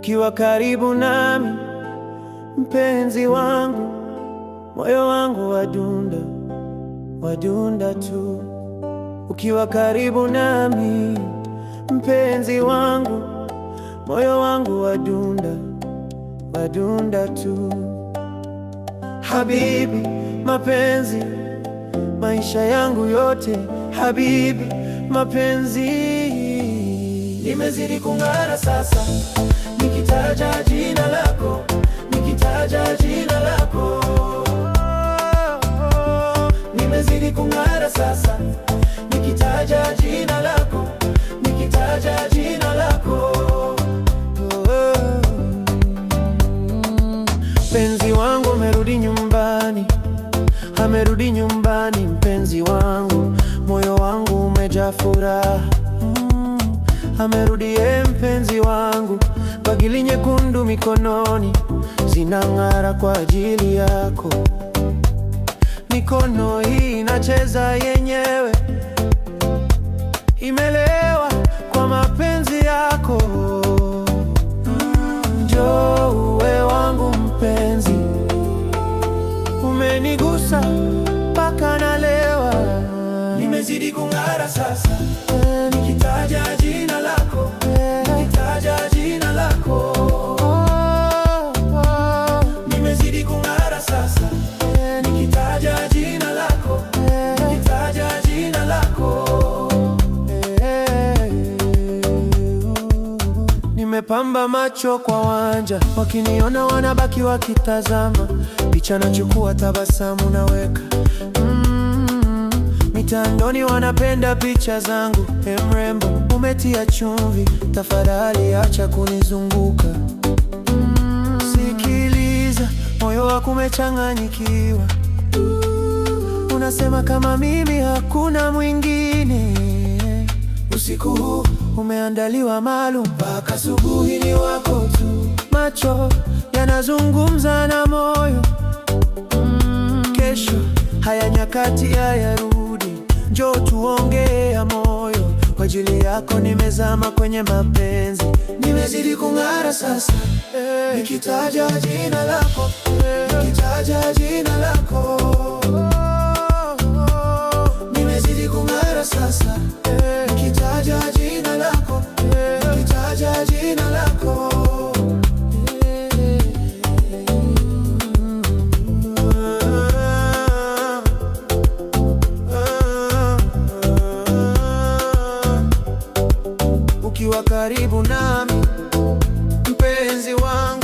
ukiwa karibu nami, mpenzi wangu, moyo wangu wadunda, wadunda tu. Ukiwa karibu nami, mpenzi wangu, moyo wangu wadunda, wadunda tu. Habibi, mapenzi, maisha yangu yote, habibi, mapenzi imezidi kung'ara sasa, nikitaja jina lako, nikitaja jina lako, nimezidi kung'ara sasa, nikitaja jina lako, nikitaja jina lako, mpenzi wangu amerudi nyumbani, amerudi nyumbani, mpenzi wangu, moyo wangu umejaa furaha amerudie mpenzi wangu, bagili nyekundu mikononi, zinang'ara kwa ajili yako. Mikono hii inacheza yenyewe, imelewa kwa mapenzi yako. Njoo uwe wangu mpenzi, umenigusa umezidi kung'ara sasa, nikitaja jina lako, nikitaja jina lako, Pamba macho kwa wanja, wakiniona wanabaki wakitazama, picha nachukua, tabasamu naweka mm. Mitandoni wanapenda picha zangu, e mrembo, umetia chumvi, tafadhali acha kunizunguka. sikiliza, moyo wako umechanganyikiwa, unasema kama mimi hakuna mwingine. Usiku huu umeandaliwa maalum, mpaka asubuhi ni wako tu. Macho yanazungumza na moyo, mm, kesho haya nyakati hayaru njoo tuongee ya moyo, kwa ajili yako nimezama kwenye mapenzi, nimezidi kung'ara sasa, eh. nikitaja jina lako, eh. nikitaja jina lako ukiwa karibu nami, mpenzi wangu.